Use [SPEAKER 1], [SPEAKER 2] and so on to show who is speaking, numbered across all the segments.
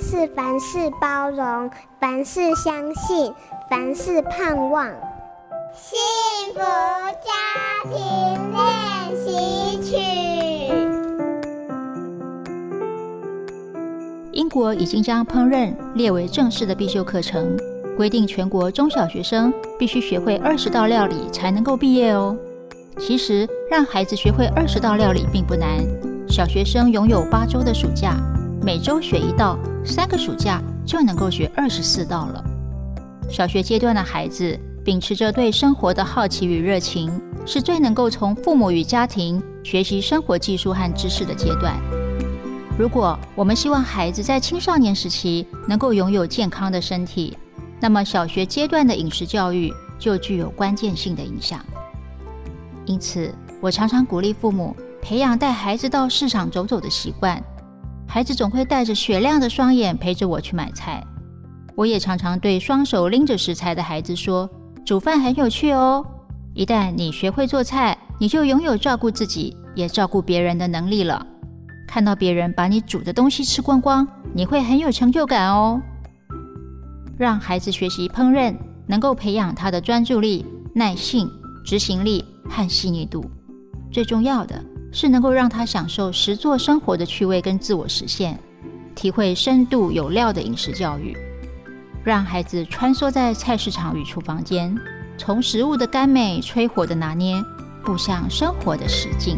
[SPEAKER 1] 是凡事包容，凡事相信，凡事盼望。幸福家庭練習曲。
[SPEAKER 2] 英國已經將烹飪列為正式的必修課程，規定全國中小學生必須學會二十道料理才能夠畢業哦。其實讓孩子學會二十道料理並不難，小學生擁有八周的暑假。每週學一道，三個暑假就能夠學二十四道了。小學階段的孩子秉持着對生活的好奇與熱情，是最能夠從父母與家庭學習生活技術和知識的階段。如果我們希望孩子在青少年時期能夠擁有健康的身體，那麼小學階段的飲食教育就具有關鍵性的影響。因此，我常常鼓勵父母培養帶孩子到市場走走的習慣。孩子總會帶着雪亮的雙眼陪着我去買菜，我也常常對雙手拎着食材的孩子說：“煮飯很有趣哦，一旦你學會做菜，你就擁有照顧自己，也照顧別人的能力了。看到別人把你煮的東西吃光光，你會很有成就感哦。”讓孩子學習烹飪，能夠培養他的專注力、耐性、執行力和細膩度，最重要的。是能夠讓他享受實作生活的趣味跟自我實現，體會深度有料的飲食教育，讓孩子穿梭在菜市場與廚房間，從食物的甘美、炊火的拿捏，步向生活的實境。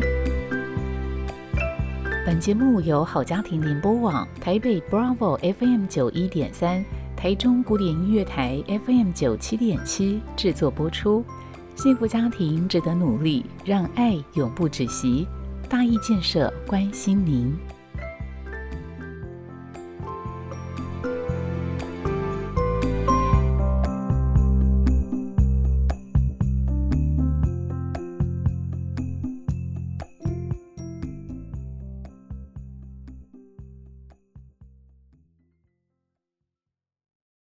[SPEAKER 3] 本節目由好家庭聯播網台北 Bravo FM 九一點三、台中古典音樂台 FM 九七點七製作播出。幸福家庭值得努力，讓愛永不止息。大邑建設關心您。